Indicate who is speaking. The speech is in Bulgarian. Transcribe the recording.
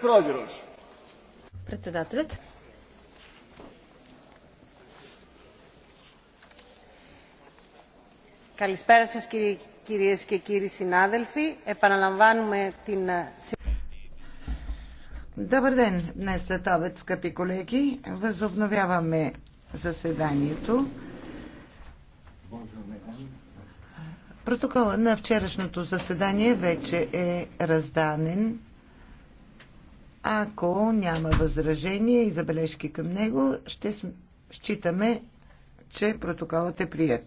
Speaker 1: Πρόεδρος.
Speaker 2: Председателят.
Speaker 3: Καλησπέρα σας κύριε, κυρίες και κύριοι συνάδελφοι. Επαναλαμβάνουμε την...
Speaker 4: Добър ден! Днес след обед, скъпи колеги, възобновяваме заседанието. Протокол на вчерашното заседание вече е разданен. Ако няма възражение и забележки към него, ще считаме, че протоколът е прият.